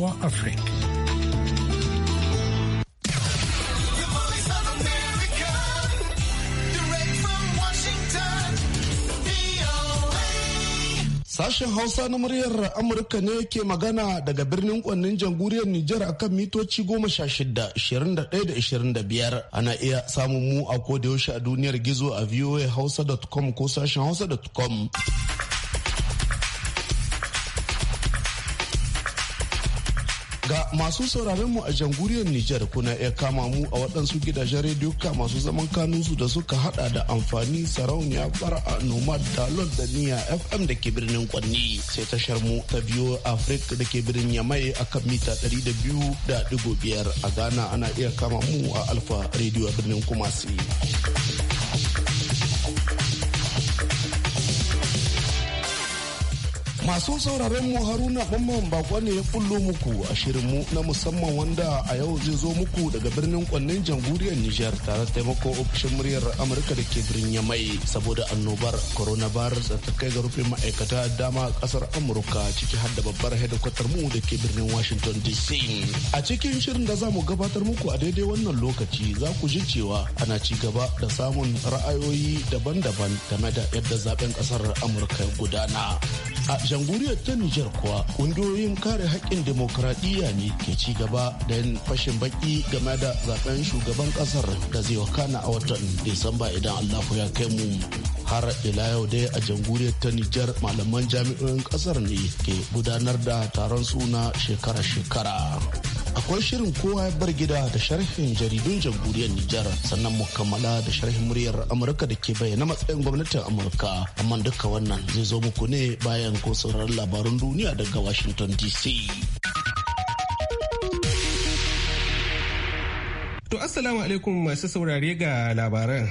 wa Sashen Hausa na muryar Amurka ne ke magana daga birnin kwannin jamhuriyar Nijar akan mitoci goma sha shida, Ana iya samun mu a kodayaushe a duniyar gizo a voahausa.com ko sashen hausa.com. Ga masu sauraron mu a jamhuriyar Nijar kuna iya kama mu a waɗansu gidajen rediyo ka masu zaman kanunsu da suka hada da amfani sarauniya fara'a nomad dalol da niya FM da ke birnin Kwanni sai tashar mu ta biyo Afrik da ke birnin Yamai a kan mita 200.5 a Ghana ana iya kama mu a Alfa Radio birnin Kumasi. Masu sauraron mu Haruna Mamman Bako ne ya kullo muku a shirinmu na musamman wanda a yau zai zo muku daga birnin kwannin jamhuriyar Nijar tare da taimako ofishin muryar Amurka da ke birnin Yamai saboda annobar coronavirus da ta kai ga rufe ma'aikata dama a kasar Amurka ciki har da babbar hedikwatar mu da ke birnin Washington DC. A cikin shirin da za mu gabatar muku a daidai wannan lokaci za ku ji cewa ana ci gaba da samun ra'ayoyi daban-daban game da yadda zaben kasar Amurka ya gudana. jamhuriyar ta Nijar kuwa kungiyoyin kare haƙƙin demokuraɗiyya ne ke ci gaba da yin fashin baki game da zaɓen shugaban ƙasar da zai wakana a watan Disamba idan Allah ya kai mu. har ila yau dai a jamhuriyar ta Nijar malaman jami'o'in ƙasar ne ke gudanar da taron suna shekara-shekara. akwai shirin kowa ya bar gida da sharhin jaridun jamhuriyar Nijar sannan mu kammala da sharhin muryar Amurka da ke bayyana matsayin gwamnatin Amurka amma duka wannan zai zo muku ne bayan ko sauraron labarun duniya daga Washington DC. To assalamu alaikum masu saurare ga labaran.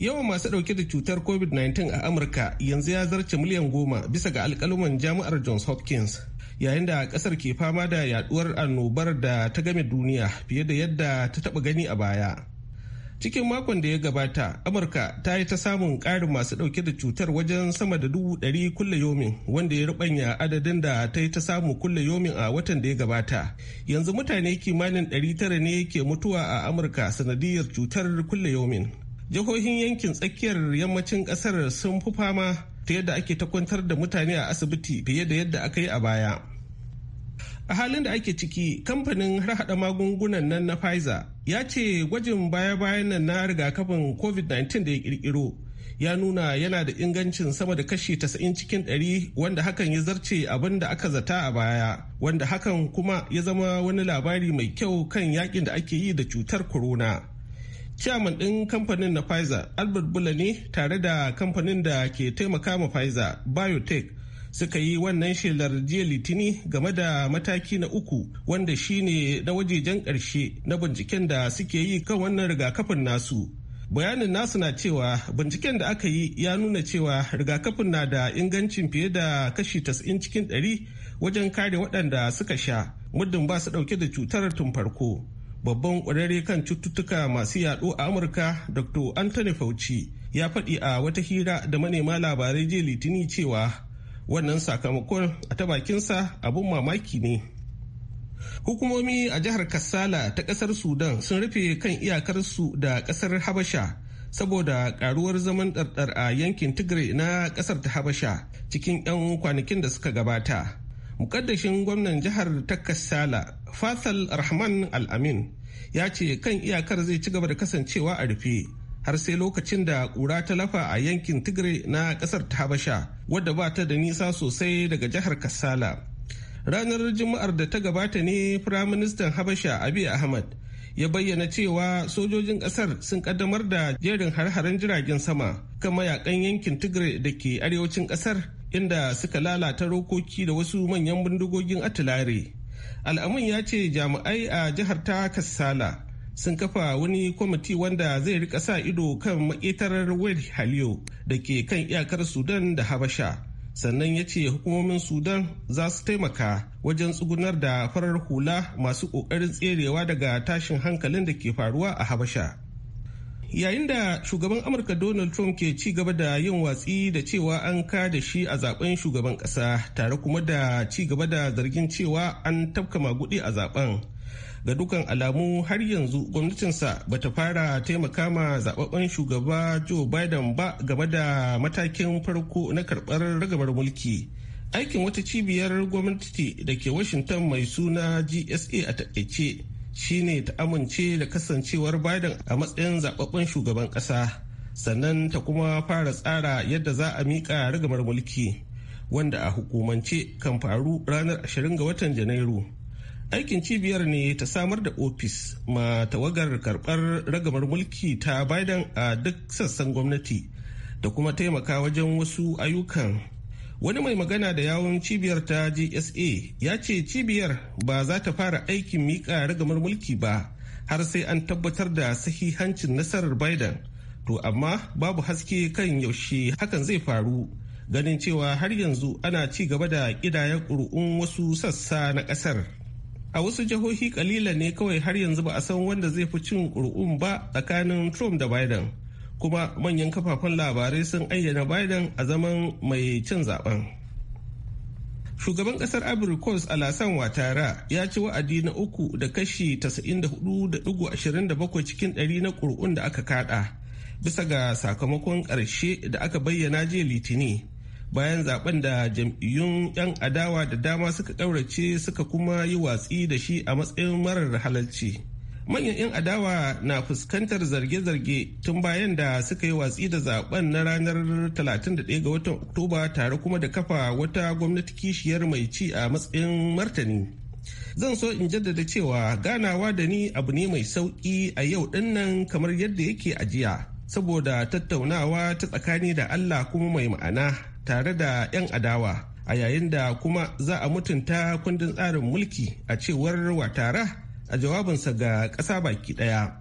Yawan masu dauke da cutar COVID-19 a Amurka yanzu ya zarce miliyan goma bisa ga alkaluman jami'ar Johns Hopkins. yayin da kasar ke fama da yaduwar annobar da ta game duniya fiye da yadda ta taba gani a baya cikin makon da ya gabata amurka ta yi ta samun karin masu ɗauke da cutar wajen sama da dubu ɗari kulle yomin wanda ya rubanya adadin da ta yi ta samu kulle yomin a watan da ya gabata yanzu mutane kimanin ɗari tara ne ke mutuwa a amurka sanadiyar cutar kulle yomin jihohin yankin tsakiyar yammacin ƙasar sun fi fama ta yadda ake ta kwantar da mutane a asibiti fiye da yadda aka yi a baya a halin da ake ciki kamfanin harhaɗa magungunan nan na pfizer ya ce gwajin baya-bayan nan na rigakafin covid-19 da ya kirkiro ya nuna yana da ingancin sama da kashi 90 cikin 100 wanda hakan ya zarce abin da aka zata a baya wanda hakan kuma ya zama wani labari mai kyau kan yakin da ake yi da cutar corona chairman ɗin kamfanin na pfizer albert bula ne tare da kamfanin da ke taimaka ma pfizer biotech suka yi wannan shelar jiya litini game da mataki na uku wanda shine na wajejen ƙarshe na binciken da suke yi kan wannan rigakafin nasu bayanin nasu na cewa binciken da aka yi ya nuna cewa rigakafin na da ingancin fiye da kashi 90 cikin 100 wajen kare waɗanda suka sha muddin ba su ɗauke da cutar tun farko babban ƙwararre kan cututtuka masu yaɗo a amurka dr anthony fauci ya faɗi a wata hira da manema labarai jiya litini cewa wannan sakamakon a ta bakinsa abun mamaki ne hukumomi a jihar kassala ta kasar sudan sun rufe kan iyakarsu da kasar habasha saboda karuwar zaman ɗarɗar a yankin tigray na kasar ta habasha cikin 'yan kwanakin da suka gabata mukaddashin gwamnan jihar ta kassala fathal rahman al-amin ya ce kan iyakar zai ci gaba da kasancewa a rufe har sai lokacin da ƙura ta lafa a yankin tigray na ƙasar ta habasha wadda ba ta da nisa sosai daga jihar kassala ranar juma'ar da ta gabata ne firaministan habasha abiy ahmad ya bayyana cewa sojojin kasar sun kaddamar da jerin har-haren jiragen sama kan mayakan yankin tigray da ke arewacin kasar inda suka lalata rokoki da wasu manyan bindigogin atilare al'amun ya ce jami'ai a jihar ta kassala sun kafa wani kwamiti wanda zai rika sa ido kan maƙetarar wade haliyo da ke kan iyakar sudan da habasha sannan ya ce hukumomin sudan za su taimaka wajen tsugunar da farar hula masu ƙoƙarin tserewa daga tashin hankalin da ke faruwa a habasha yayin da shugaban amurka donald trump ke ci gaba da yin watsi da cewa an ka da shi a zaben shugaban ƙasa tare kuma da ci gaba da zargin cewa an tabka magudi a zaben ga dukan alamu har yanzu gwamnatinsa ba ta fara taimaka ma zababben shugaba joe biden ba game da matakin farko na karbar ragamar mulki aikin wata cibiyar gwamnati da ke washington mai suna gsa a takaice shine ta amince da kasancewar biden a matsayin zababben shugaban kasa sannan ta kuma fara tsara yadda za a miƙa ragamar mulki wanda a hukumance kan faru ranar 20 ga watan janairu aikin cibiyar ne ta samar da ofis ma tawagar karbar ragamar mulki ta biden a duk sassan gwamnati da kuma taimaka wajen wasu ayyukan wani mai magana da yawon cibiyar ta gsa ya ce cibiyar ba za ta fara aikin miƙa ragamar mulki ba har sai an tabbatar da sahihancin nasarar biden to amma babu haske kan yaushe hakan zai faru ganin cewa har yanzu ana ci gaba da ƙidayen ƙuri'un wasu sassa na ƙasar a wasu jihohi kalila ne kawai har yanzu ba a san wanda zai fi cin ƙuri'un ba tsakanin trump da biden kuma manyan kafafen labarai sun ayyana biden a zaman mai cin zaben shugaban kasar coast alasan watara ya ci wa'adi na uku da kashi 94.27 cikin 100 na ƙuri'un da aka kada bisa ga sakamakon ƙarshe da aka bayyana jiya litini bayan zaben da jam'iyyun 'yan adawa da dama suka ƙaurace suka kuma yi watsi da shi a matsayin marar halarci. Manyan 'yan adawa na fuskantar zarge-zarge tun bayan da suka yi watsi da zaben na ranar 31 ga watan Oktoba tare kuma da kafa wata gwamnati kishiyar mai ci a matsayin martani. zan so in jaddada cewa ganawa da ni abu ne mai sauƙi a yau dinnan kamar yadda yake ajiya saboda tattaunawa ta tsakani da Allah kuma mai ma'ana tare da 'yan adawa a yayin da kuma za a mutunta kundin tsarin mulki a cewar watara a jawabinsa ga ƙasa baki ɗaya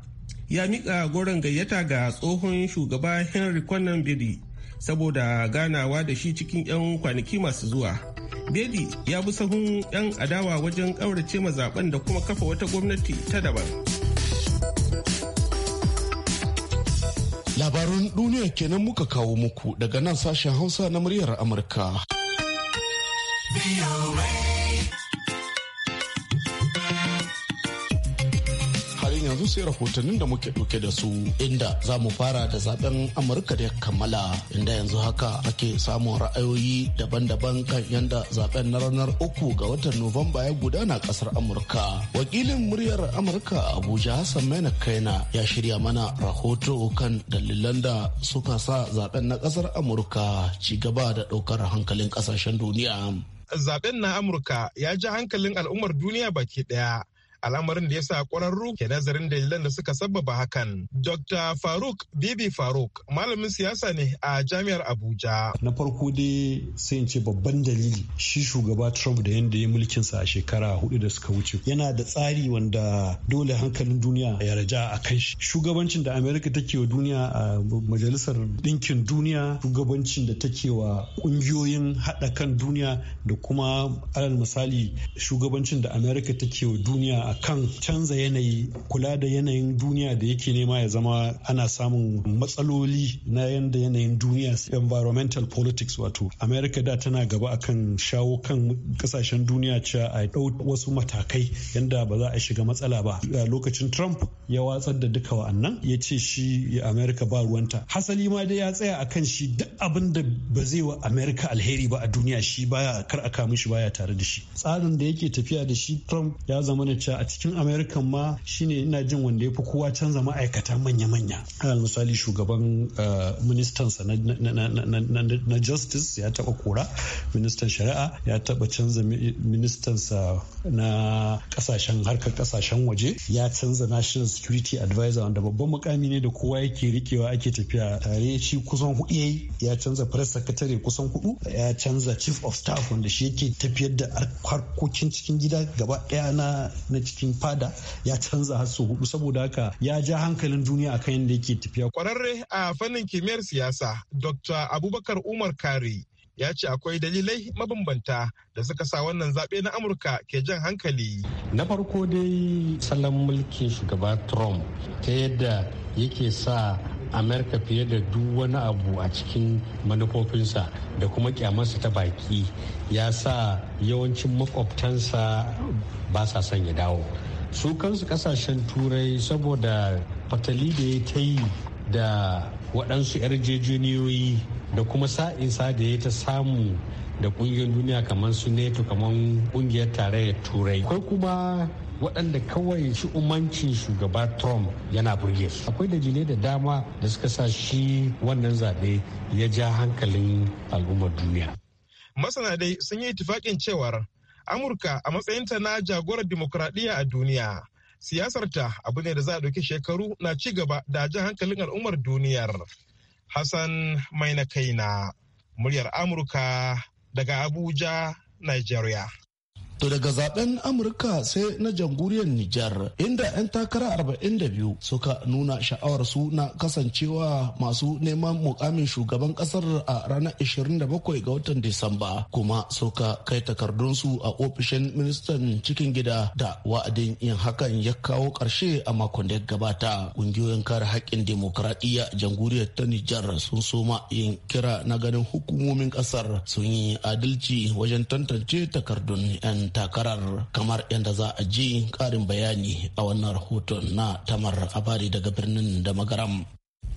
ya miƙa goron gayyata ga tsohon shugaba henry kwanan bedi saboda ganawa da shi cikin 'yan kwanaki masu zuwa bedi ya bi sahun 'yan adawa wajen ƙaurace mazaɓen da kuma kafa wata gwamnati ta daban. labarun duniya kenan muka kawo muku daga nan sashen hausa na muryar amurka. yanzu sai rahotannin da muke ɗauke da su inda za mu fara da zaben amurka da ya kammala inda yanzu haka ake samun ra'ayoyi daban-daban kan yanda zaben na ranar uku ga watan nuwamba ya gudana kasar amurka wakilin muryar amurka abuja hassan maina kaina ya shirya mana rahoto kan dalilan da suka sa zaben na kasar amurka ci gaba da ɗaukar hankalin kasashen duniya zaben na amurka ya ji hankalin al'ummar duniya baki daya al'amarin da ya sa ƙwararru ke nazarin dalilan da suka sabbaba hakan. Dr. Faruk Bibi Faruk malamin siyasa ne a Jami'ar Abuja. Na farko dai sai in ce babban dalili shi shugaba Trump da yadda ya mulkin sa a shekara hudu da suka wuce yana da tsari wanda dole hankalin duniya ya raja a kan shi. Shugabancin da Amerika take wa duniya a Majalisar Ɗinkin Duniya shugabancin da take wa ƙungiyoyin haɗa kan duniya da kuma alal misali shugabancin da Amerika take wa duniya a kan canza yanayi kula da yanayin duniya da yake nema ya zama ana samun matsaloli na yanda yanayin duniya environmental politics wato america da tana gaba akan shawo kan kasashen duniya cewa a dau wasu matakai yanda ba za a shiga matsala ba lokacin trump ya watsar da duka wa'annan ya ce shi america ba ruwanta hasali ma dai ya tsaya akan shi duk abin da ba zai wa america alheri ba a duniya shi baya kar a kama shi baya tare da shi tsarin da yake tafiya da shi trump ya zama cewa a cikin america ma shine ina jin wanda ya fi kowa canza ma'aikata manya-manya alal misali shugaban eh, ministansa na justice ya taba kora ministan shari'a ya taba canza ministansa na kasashen harkar kasashen waje ya canza national security advisor wanda babban mukami ne da kowa yake rikewa ake tafiya tare shi kusan hudu yi. ya canza press secretary kusan hudu ya canza chief of staff wanda shi yake tafiyar da harkokin cikin gida gaba daya na cikin fada ya canza har sau hudu saboda haka ya ja hankalin duniya akan yadda yake tafiya. Kwararre a fannin kimiyyar siyasa Dr. Abubakar Umar Kari ya ce akwai dalilai mabambanta da suka sa wannan zaɓe na amurka ke jan hankali na farko dai salon mulkin shugaba trump ta yadda yake sa amerika fiye da duk wani abu a cikin manufofinsa da kuma kyamarsa ta baki ya sa yawancin makwabtansa ba sa son ya dawo su kansu kasashen turai saboda fatali da ya ta yi da waɗansu yarjejeniyoyi da kuma sa'insa da ya ta samu da ƙungiyar duniya kamar su neto kamar ƙungiyar tarayyar turai akwai kuma waɗanda kawai shi umancin shugaba trump yana burge su akwai dalilai da dama da suka sa shi wannan zaɓe ya ja hankalin al'ummar duniya masana dai sun yi tufaƙin cewar amurka a matsayinta na jagorar dimokuraɗiyya a duniya siyasarta abu ne da za a ɗauki shekaru na ci gaba da jan hankalin al'ummar duniyar hassan mai na kaina muryar amurka daga abuja nigeria To daga zaben Amurka sai na jamhuriyar Nijar inda 'yan takara 42 suka nuna sha'awar su na kasancewa masu neman mukamin shugaban kasar a ranar 27 ga watan Disamba kuma suka kai takardunsu a ofishin ministan cikin gida da wa'adin yin hakan ya kawo ƙarshe a makon da ya gabata. Kungiyoyin kare haƙƙin demokuraɗiyya jamhuriyar ta Nijar sun soma yin kira na ganin hukumomin kasar, sun yi adalci wajen tantance takardun 'yan takarar kamar yadda za a ji ƙarin bayani a wannan rahoton na tamar abari daga birnin da magaram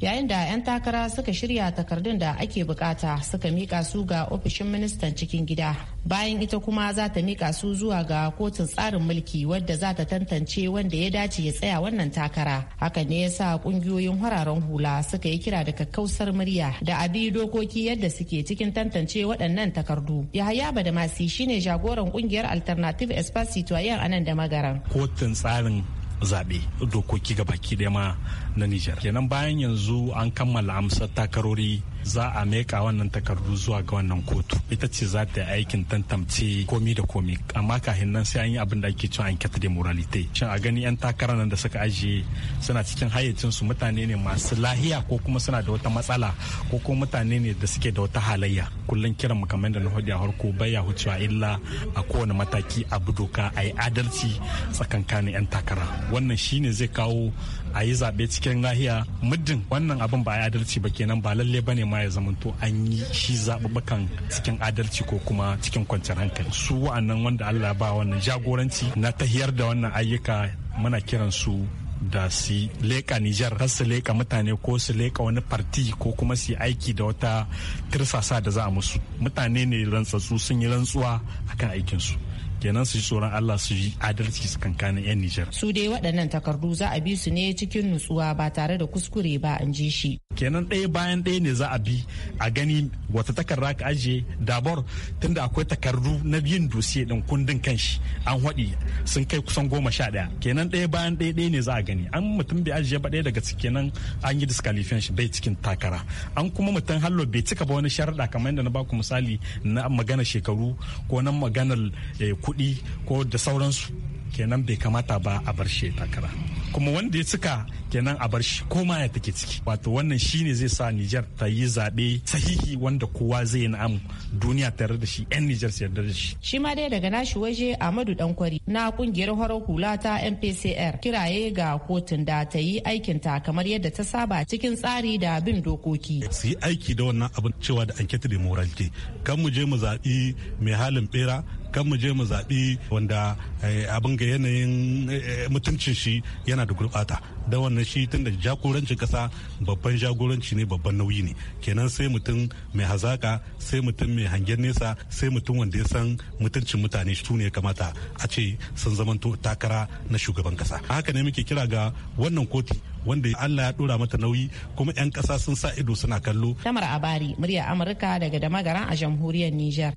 yayin da 'yan takara suka shirya takardun da ake bukata suka mika su ga ofishin ministan cikin gida bayan ita kuma za ta mika su zuwa ga kotun tsarin mulki wadda za ta tantance wanda ya dace ya tsaya wannan takara Haka ne ya sa kungiyoyin hararen hula suka yi kira da kakkausar murya da abi dokoki yadda suke cikin tantance waɗannan takardu yahaya badamasi shine jagoran kungiyar alternative espacito a nan da magaran kotun tsarin zaɓe dokoki ga baki ɗaya ma na Nijar. Kenan bayan yanzu an kammala amsar takarori za a meka wannan takardu zuwa ga wannan kotu ita ce za ta yi aikin tantance komi da komi amma kafin nan sai an yi abin da ake cewa enquete de moralite shin a gani yan takara nan da suka ajiye suna cikin hayyacin su mutane ne masu lahiya ko kuma suna da wata matsala ko kuma mutane ne da suke da wata halayya kullum kiran mu kamar da na hudu a harko baya a illa a kowane mataki abu doka a yi adalci tsakankanin yan takara wannan shine zai kawo a yi zaɓe cikin lahiya muddin wannan abin ba a yi adalci ba kenan ba lalle ba ne ma ya zamanto an yi shi zaɓuɓɓukan cikin adalci ko kuma cikin kwanciyar hankali su wa'annan wanda allah ba wannan jagoranci na tahiyar da wannan ayyuka muna kiran su da su leƙa Nijar har su leƙa mutane ko su leƙa wani farti ko kuma su aiki da wata tirsasa da za a musu mutane ne rantsatsu sun yi rantsuwa akan aikinsu kenan su ji tsoron Allah su yi adalci su kankanin 'yan Nijar. Su dai waɗannan takardu za a bi su ne cikin nutsuwa ba tare da kuskure ba an ji shi. Kenan ɗaya bayan ɗaya ne za a bi a gani wata takarda ka ajiye dabar tunda akwai takardu na yin dosiye ɗin kundin kan shi an haɗi sun kai kusan goma sha ɗaya kenan ɗaya bayan ɗaya ɗaya ne za a gani an mutum bai ajiye ba ɗaya daga ciki kenan an yi diskalifiyan shi bai cikin takara an kuma mutum hallo bai cika ba wani sharaɗa kamar yadda na ba ku misali na maganar shekaru ko na maganar eh, kuɗi kuɗi ko da sauransu kenan bai kamata ba a bar shi takara kuma wanda ya cika kenan a bar shi ko ya take ciki wato wannan shine zai sa Nijar ta yi zaɓe sahihi wanda kowa zai yi na'am duniya ta yarda da shi yan Nijar su yarda da shi shi ma dai daga nashi waje Ahmadu Dankwari na kungiyar horo hula ta MPCR kiraye ga kotun da ta yi aikin ta kamar yadda ta saba cikin tsari da bin dokoki su yi aiki da wannan abin cewa da anketa de moralité kan mu je mu zaɓi mai halin bera kan mu je mu zaɓi wanda eh, abin ga yanayin eh, mutuncin shi yana da gurɓata da wannan shi tunda jagorancin kasa babban jagoranci ne babban nauyi ne kenan sai mutum mai hazaka sai mutum mai hangen nesa sai mutum wanda ya san mutuncin mutane su ne kamata a ce sun zamanto takara na shugaban kasa haka ne muke kira ga wannan koti wanda Allah ya dora mata nauyi kuma 'yan ƙasa sun sa ido suna kallo. Tamar Abari, murya Amurka daga Damagaran a jamhuriyar Nijar.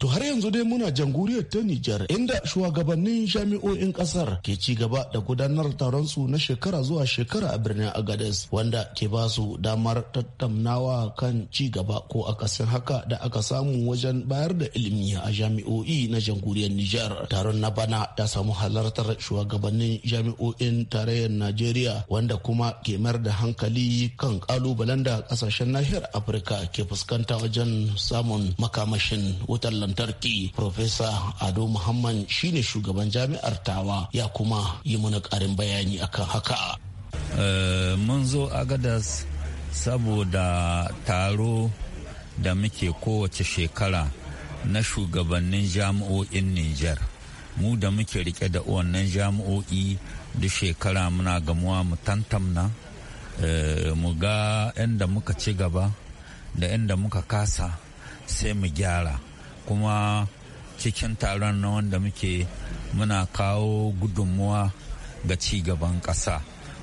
To har yanzu dai muna jamhuriyar ta Nijar inda shugabannin jami'o'in kasar ke ci gaba da gudanar taron su na shekara zuwa shekara a birnin Agadez wanda ke ba su damar tattaunawa kan ci gaba ko akasin haka da aka samu wajen bayar da ilimi a jami'o'i na jamhuriyar Nijar. Taron na bana ya samu halartar shugabannin jami'o'in tarayyar Najeriya wanda kuma ke mayar da hankali kan kalubalen da kasashen nahiyar Afirka ke fuskanta wajen samun makamashin wutar lantarki Profesa Ado Muhammad shine shugaban jami'ar Tawa ya kuma yi mana karin bayani akan haka. Eh, mun zo Agadas saboda taro da muke kowace shekara na shugabannin jami'o'in Nijar. Mu da muke rike da wannan jami'o'i duk shekara muna gamuwa mu tantamna eh, mu ga inda muka ci gaba da inda muka kasa sai mu gyara. kuma cikin taron na wanda muke muna kawo gudunmuwa ga ci gaban ƙasa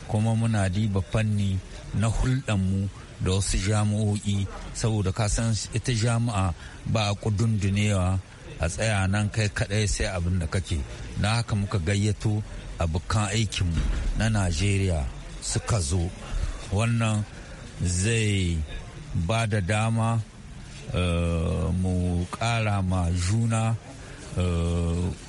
kuma muna diba fanni na hulɗanmu da wasu jami'o'i saboda kasan ita jami'a ba a kudundunewa a tsaya nan kai kaɗai sai abin da kake na haka muka gayyato abokan aikinmu na najeriya suka zo wannan zai ba da dama Eh, mu ƙara ma juna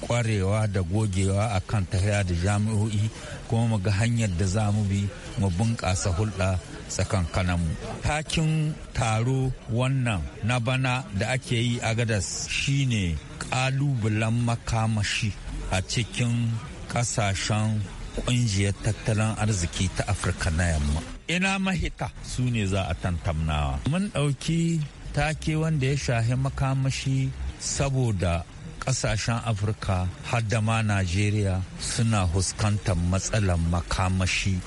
kwarewa eh, da gogewa a kan tahiya da jami'o'i kuma mu ga hanyar da za mu bi mu bunƙasa hulɗa tsakankaninmu. Takin taro wannan na bana da ake yi a gadas shine ƙalubalen makamashi a cikin ƙasashen ƙungiyar tattalin arziki ta Afirka na yamma. Ina mahita su ne za a tantamnawa. Mun ɗauki take wanda ya shahi makamashi saboda kasashen afirka har da ma najeriya suna huskantar matsalar makamashi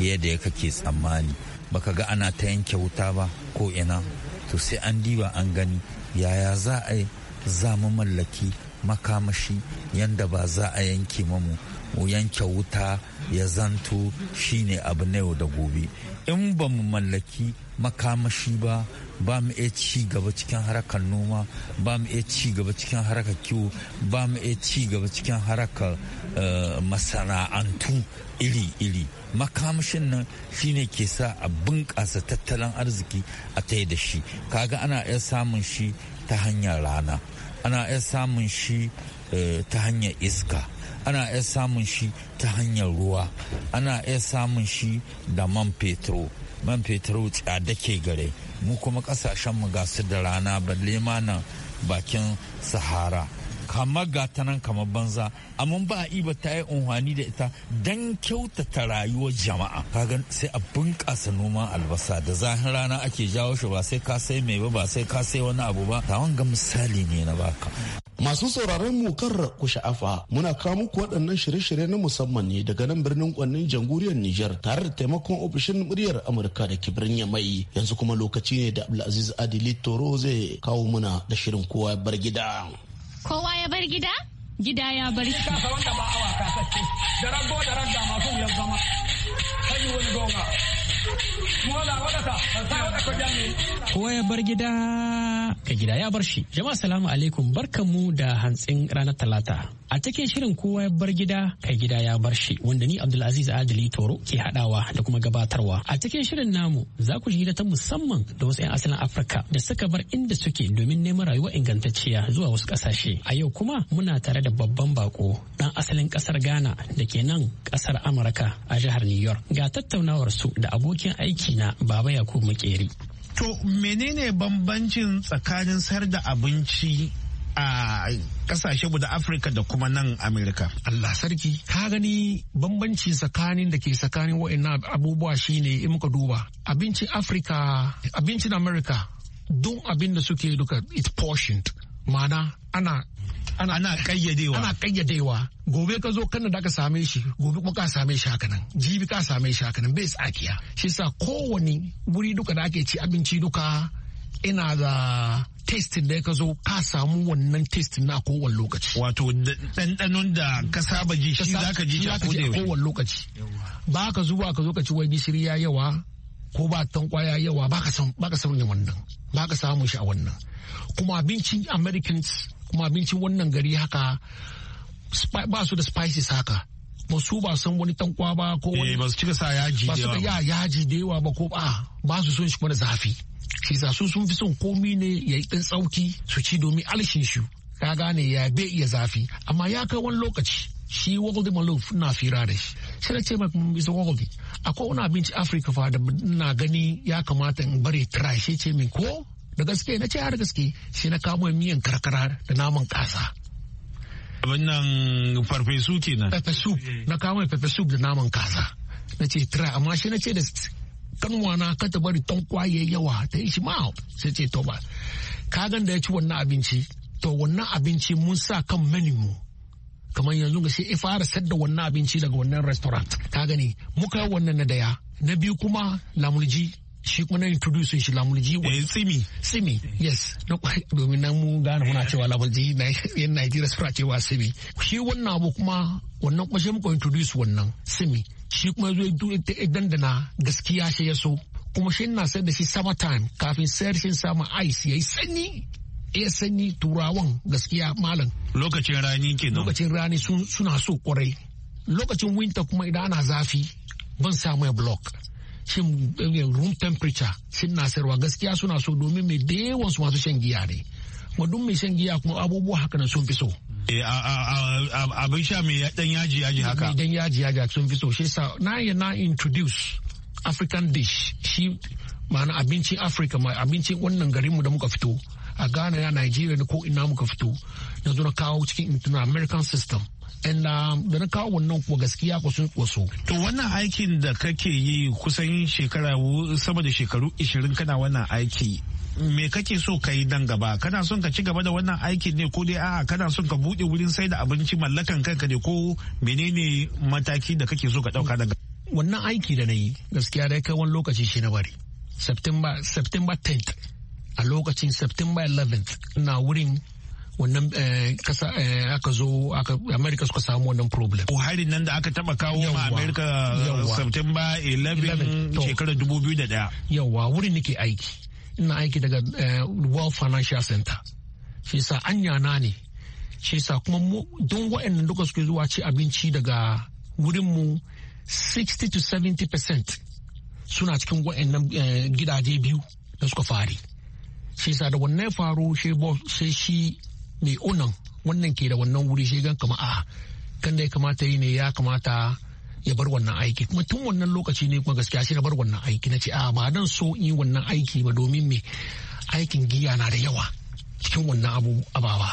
yadda ya kake tsammani baka ga ana ta yanke wuta ba ko ina to sai an diba an gani yaya za a yi za mu mallaki makamashi yadda ba za a yanke mamu yanke wuta ya zanto shine abu na yau da gobe in ba mu mallaki makamashi ba ba mu iya ci gaba cikin harakar noma ba mu iya ci gaba cikin harakar kiwo ba mu iya ci gaba cikin harakar eh, masana'antu iri-iri makamashin nan shine ke sa a bunƙasa tattalin arziki a ta da shi kaga ana iya samun shi ta hanyar rana ana iya samun shi eh, ta hanyar iska ana iya samun shi ta hanyar ruwa ana iya samun shi da man fetur man fetur da ke gare mu kuma kasashenmu ga su da rana balle ma nan bakin sahara kama gata nan kamar banza amma ba a iba ta yi unhwani da ita don kyautata rayuwar jama'a kaga sai a bunƙasa noman albasa da zahin rana ake jawo shi ba sai ka sai mai ba sai ka sai wani abu ba ta wanga misali ne na baka Masu sauraron mu kan ku sha'afa muna kawo muku waɗannan shirye-shirye na musamman ne daga nan birnin kwannin jamhuriyar Nijar tare da taimakon ofishin muryar Amurka da ke birnin Yamai yanzu kuma lokaci ne da Abdulaziz Adili Toro zai kawo muna da shirin kowa ya bar gida. Kowa ya bar gida? Gida ya bar gida. Kowa ya bar gida ka gida ya bar shi. Jama'a salamu alaikum da hantsin ranar talata. A cikin shirin kowa ya bar gida kai gida ya bar shi wanda ni Abdulaziz Adili Toro ke hadawa da kuma gabatarwa. A cikin shirin namu za ku shiga ta musamman da wasu 'yan asalin Afirka da suka bar inda suke domin neman rayuwa ingantacciya zuwa wasu kasashe. A yau kuma muna tare da babban bako dan asalin kasar Ghana da ke nan kasar Amurka a jihar New York. Ga tattaunawar su da abokin aiki na Baba Yakubu Makeri. To menene bambancin tsakanin sayar da abinci a kasashe mu da Afirka da kuma nan Amerika. Allah sarki, ka gani bambanci tsakanin da ke tsakanin na abubuwa shine in muka duba. Abincin Afirka, abincin Amerika, duk abin da suke duka it portioned. Ma'ana ana ana ana kayyadewa ana kayyadewa gobe ka zo kan da ka same shi gobe kuma ka same shi haka nan jibi ka same shi haka nan bai tsakiya shi sa kowani wuri duka da ake ci abinci duka ina da test da ka zo ka samu wannan test na kowane lokaci. Wato ɗanɗanon da ka saba ji shi za ka ji a kowane lokaci. Ba ka zuwa ka zo ka ci wai gishiri ya yawa ko ba kwaya yawa ba ka san ba ka san wannan ba ka samu shi a wannan. Kuma abincin Americans kuma abincin wannan gari haka ba su da spices haka. ba su ba san wani tankwa ba ko eh, wani ba su cika sa yaji da yawa ba ko ba ba su son shi kuma da zafi. shi su sun fi son komi ne ya yi ɗan tsauki su ci domin alishin shi ka gane ya bai iya zafi amma ya kai wani lokaci shi Wogoldi Maluf na fira da shi. Shi da ce mai Mr. Wogoldi, akwai wani abinci Afirka fa da na gani ya kamata in bari try shi ce min ko da gaske na ce har gaske shi na kamo miyan karkara da naman kasa. Wannan farfesu kenan. Pepe soup na kamo pepe soup da naman kaza. Na ce try amma shi na ce da kanwana ka ta bari kwaye yawa ta yi shi ma sai ce to ba ka gan da ya ci wannan abinci to wannan abinci mun sa kan menu mu kamar yanzu ga shi ya fara sadda wannan abinci daga wannan restaurant ka gani muka wannan na daya na biyu kuma lamurji shi kuma na introduce shi lamulji wa eh, simi simi yes domin nan mu gane muna cewa lamulji yan Najeriya suna cewa simi. shi wannan abu kuma wannan kuma muka introduce wannan simi. shi kuma zai idan da gaskiya shi ya so kuma shi na sayar da shi summer time kafin sayar shi samu ice yayi sanyi ya sanyi turawan gaskiya malam lokacin rani kenan lokacin rani suna so kwarai lokacin winter kuma idan ana zafi ban samu ya block shin eh, room temperature sun na sayarwa gaskiya suna so domin mai da su masu shan giya ne ma duk mai shan giya kuma abubuwa haka na sun fi so eh, abin sha mai dan yaji yaji haka mai dan yaji yaji sun fi so shi sa na yi na introduce african dish shi ma'ana abincin africa ma abincin wannan garinmu da muka fito a ghana ya nigeria ko ina muka fito na zo na kawo cikin american system da na kawo wannan kuwa gaskiya kusan kwaso. To wannan aikin da kake yi kusan shekara sama da shekaru 20 kana wannan aiki me kake so ka yi nan gaba kana son ka ci gaba da wannan aikin ne ko dai a'a kana son ka bude wurin sai da abinci mallakan kanka ne ko menene mataki da kake so ka dauka daga wannan aiki da na yi gaskiya dai kai wani lokaci shi na bari september september 10th a lokacin september 11th na wurin wannan eh, kasa eh, aka zo aka america suka samu wannan problem harin nan da aka taba kawo ma america eh, september 11 shekarar 2001 yawa wurin nake aiki ina aiki daga world financial center shi sa na ne shi sa kuma don waɗannan duka suke zuwa ci abinci daga wurinmu 60 to 70 percent suna cikin waɗannan gidaje biyu da suka fari shi sa da wannan faro shi mai onan wannan ke da wannan wuri shi gan kama a kan da ya kamata yi ne ya kamata ya bar wannan aiki kuma tun wannan lokaci ne kuma gaskiya shi na bar wannan aiki na ce a ba dan so yi wannan aiki ba domin me aikin giya na da yawa cikin wannan abu ababa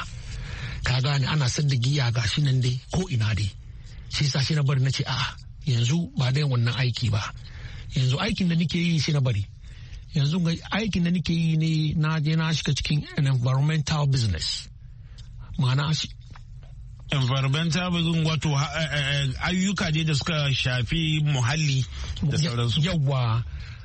ka gane ana da giya ga shi nan dai ko ina dai shi sa shi na bari na ce a yanzu ba dai wannan aiki ba yanzu aikin da nake yi shi na bari yanzu aikin da nake yi ne na je na shiga cikin environmental business ma'ana asi environmental wato eh, eh, eh, ayyuka ne da suka shafi muhalli da sauransu yawa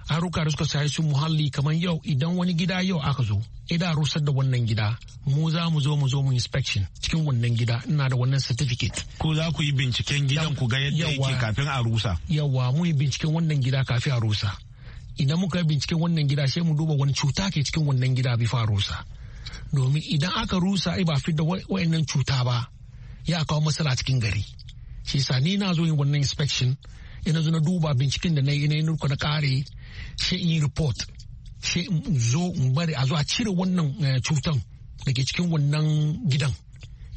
haruka da suka shafi muhalli kamar yau idan wani gida yau aka zo ida rusar da wannan gida mu za mu zo mu zo mu inspection cikin wannan gida ina da wannan certificate ko za ku yi binciken gidan ku ga yadda yake kafin a rusa yawa mu yi binciken wannan gida kafin a rusa idan muka yi binciken wannan gida sai mu duba wani cuta ke cikin wannan gida bi a rusa domin idan aka rusa ba ba da wa'annan cuta ba ya kawo matsala cikin gari shi sa ni na zo yin wannan inspection ina zo na duba binciken da na yi na yi na kare shi in yi report shi in zo in bari a zo a cire wannan eh, cutan da ke cikin wannan gidan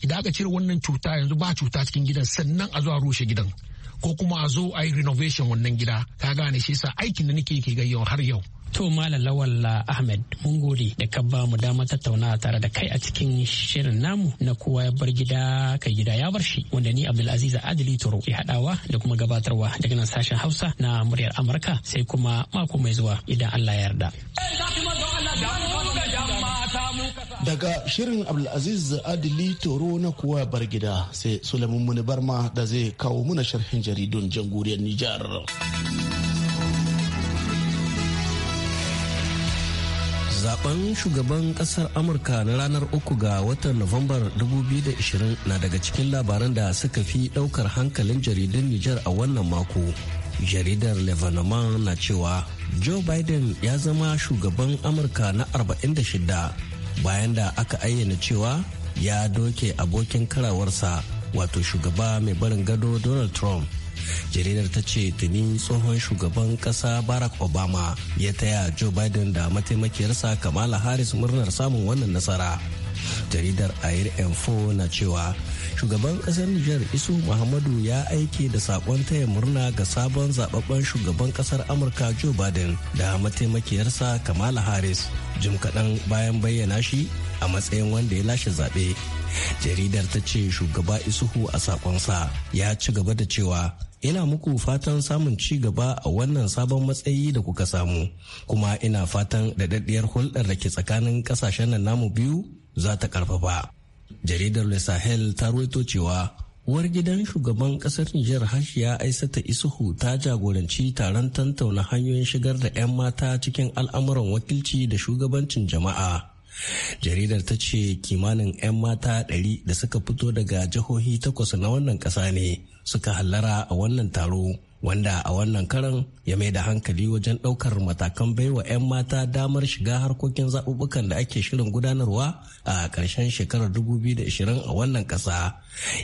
idan aka cire wannan cuta yanzu ba cuta cikin gidan sannan a zo a rushe gidan ko kuma a zo a yi renovation wannan gida ka gane shi sa aikin da nake ke ga yau har yau To Malam Lawalla uh, Ahmed mun gode da ka ba mu dama tattaunawa tare da kai a cikin shirin namu na kowa ya bar gida kai gida ya bar shi wanda ni Abdulaziz Adili Toro ke hadawa da kuma gabatarwa daga nan sashen Hausa na muryar Amurka sai kuma mako mai zuwa idan Allah ya yarda. Daga shirin Abdulaziz Adili Toro na kowa ya bar gida sai Sulaiman Muni Barma da zai kawo muna sharhin jaridun jamhuriyar Nijar. zaben shugaban kasar amurka na ranar uku ga watan nuwambar 2020 na daga cikin labaran da suka fi daukar hankalin jaridun nijar a wannan mako jaridar lebanon na cewa joe biden ya zama shugaban amurka na 46 bayan da aka ayyana cewa ya doke abokin karawarsa wato shugaba mai barin gado donald trump jaridar ta ce tuni tsohon shugaban kasa barack obama ya taya joe biden da mataimakiyarsa kamala harris murnar samun wannan nasara jaridar air info na cewa shugaban kasar Niger isu muhammadu ya aike da sakon taya murna ga sabon zababben shugaban kasar amurka joe biden da mataimakiyarsa kamala harris jim kaɗan bayan bayyana shi a matsayin wanda ya lashe zaɓe jaridar ta ce shugaba isuhu a sakonsa ya ci gaba da cewa ina muku fatan samun ci gaba a wannan sabon matsayi da kuka samu kuma ina fatan daɗaɗɗiyar hulɗar da ke tsakanin ƙasashen nan namu biyu za ta karfafa jaridar le sahel ta ruwaito cewa uwar gidan shugaban kasar nijar hashiya aisata isuhu ta jagoranci taron tantauna hanyoyin shigar da 'yan mata cikin al'amuran wakilci da shugabancin jama'a jaridar ta ce kimanin 'yan mata 100 da suka fito daga jihohi takwas na wannan ƙasa ne suka hallara a wannan taro wanda a wannan karan ya mai da hankali wajen ɗaukar matakan baiwa 'yan mata damar shiga harkokin zaɓuɓɓukan da ake shirin gudanarwa a ƙarshen shekarar 2020 a wannan ƙasa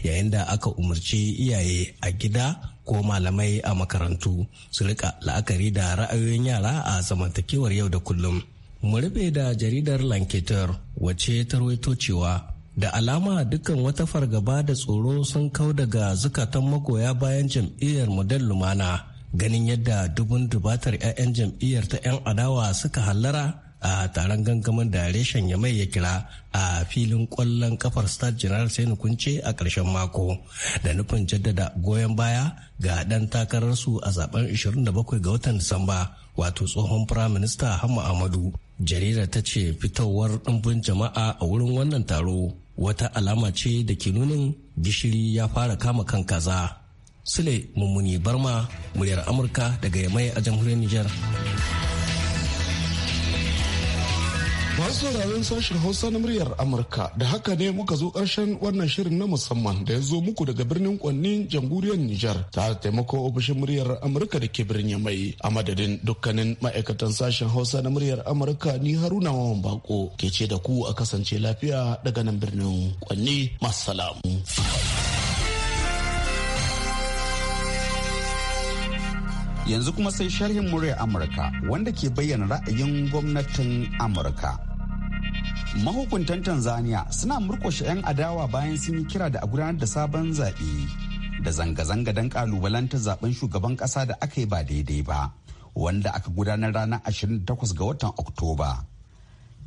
yayin da aka umarci iyaye a gida ko malamai a makarantu su rika la'akari da ra'ayoyin yara a zamantakewar yau da kullum. Mu rufe da jaridar lanketar wace ta cewa da alama dukkan wata fargaba da tsoro sun kau daga zukatan magoya bayan jam'iyyar model lumana ganin yadda dubun dubatar 'ya'yan jam'iyyar ta 'yan adawa suka hallara a taron gangamin da reshen ya mai ya kira a filin kwallon kafar star general sai kunce a ƙarshen mako da nufin jaddada goyon baya ga ɗan takararsu a zaben 27 ga watan disamba wato tsohon firaminista hamma amadu jarida ta ce fitowar ɗumbin jama'a a wurin wannan taro wata alama ce da ke nunin gishiri ya fara kama kan kaza. Sule Mummuni Barma, muryar Amurka daga Yamai a jamhuriyar Nijar. Masu sauraron sashen Hausa na muryar Amurka da haka ne muka zo ƙarshen wannan shirin na musamman da ya zo muku daga birnin Kwannin jamhuriyar Nijar ta taimako ofishin muryar Amurka da ke birnin mai a madadin dukkanin ma'aikatan sashen Hausa na muryar Amurka ni Haruna wawan Bako ke ce da ku a kasance lafiya daga nan birnin Kwanni Masalamu. Yanzu kuma sai sharhin muryar Amurka wanda ke bayyana ra'ayin gwamnatin Amurka. mahukuntan tanzania suna murkushe 'yan adawa bayan sun yi kira da a gudanar da sabon zaɓe da zanga-zanga don kalubalantar zaben shugaban ƙasa da aka yi ba daidai ba wanda aka gudanar ranar 28 ga watan oktoba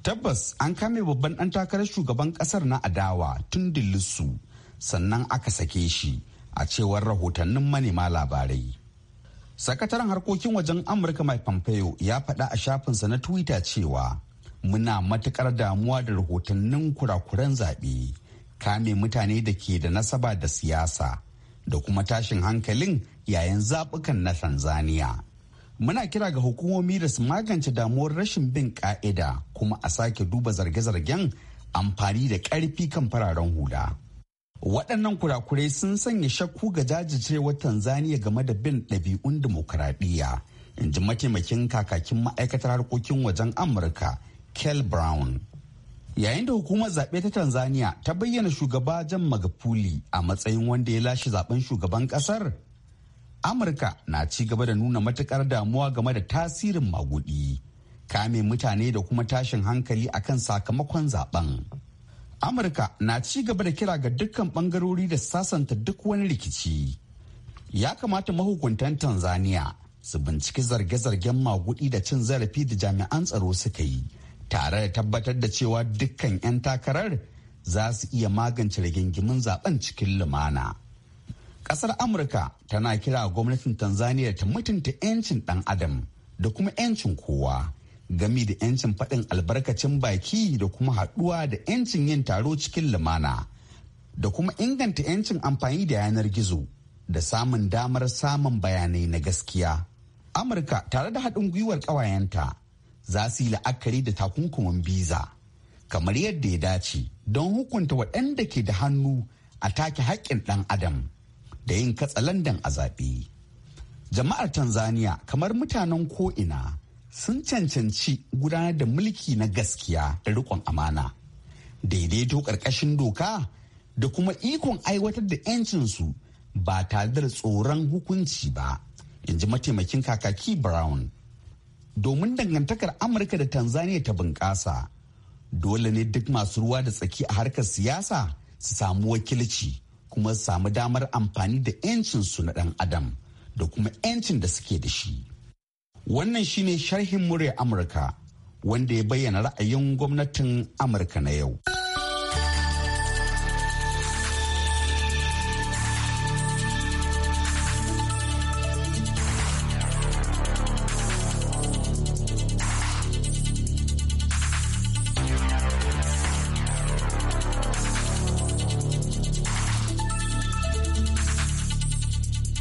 tabbas an kame babban ɗan takarar shugaban ƙasar na adawa tun dillisu sannan aka sake shi a cewar rahotannin manema labarai sakataren harkokin wajen amurka mai pompeo ya faɗa a shafinsa na twitter cewa muna matukar damuwa da rahotannin kurakuran zaɓe kame mutane da ke da nasaba da siyasa da kuma tashin hankalin yayin zaɓukan na tanzania muna kira ga hukumomi da su magance damuwar rashin bin ka'ida kuma a sake duba zarge-zargen amfani da ƙarfi kan fararen hula waɗannan kurakurai sun sanya shakku ga jajircewar tanzania game da bin ɗabi'un dimokuraɗiyya in ji mataimakin kakakin ma'aikatar harkokin wajen amurka Kel Brown. Yayin da hukumar zaɓe ta Tanzania ta bayyana shugaba Jan Magufuli a matsayin wanda ya lashe zaben shugaban ƙasar, Amurka na ci gaba da nuna matuƙar damuwa game da tasirin magudi, kame mutane da kuma tashin hankali akan sakamakon zaben. Amurka na ci gaba da kira ga dukkan bangarori da sasanta duk wani rikici. Ya kamata mahukuntan Tanzania su binciki zarge-zargen magudi da cin zarafi da jami'an tsaro suka yi. tare da tabbatar da cewa dukkan 'yan takarar za su iya magance rigingimin zaben cikin lumana. Kasar Amurka tana kira gwamnatin Tanzania ta mutunta 'yancin ɗan adam da kuma 'yancin kowa gami da 'yancin faɗin albarkacin baki da kuma haɗuwa da 'yancin yin taro cikin lumana da kuma inganta 'yancin amfani da yanar gizo da samun damar samun bayanai na gaskiya. Amurka tare da haɗin gwiwar ƙawayenta za su yi la'akari da takunkumin biza kamar yadda ya dace don hukunta waɗanda ke da hannu a take haƙƙin ɗan adam da yin katsalandan a zaɓe. jama'ar tanzania kamar mutanen ko'ina sun cancanci gudanar da mulki na gaskiya da riƙon amana daidaito ƙarƙashin doka da kuma ikon aiwatar da 'yancinsu ba tare da tsoron hukunci ba in ji mataimakin kakaki brown domin dangantakar amurka da tanzania ta bunƙasa dole ne duk masu ruwa da tsaki a harkar siyasa su samu wakilci kuma su samu damar amfani da yancin su na ɗan adam da kuma 'yancin da suke da shi wannan shine sharhin murya amurka wanda ya bayyana ra'ayin gwamnatin amurka na yau.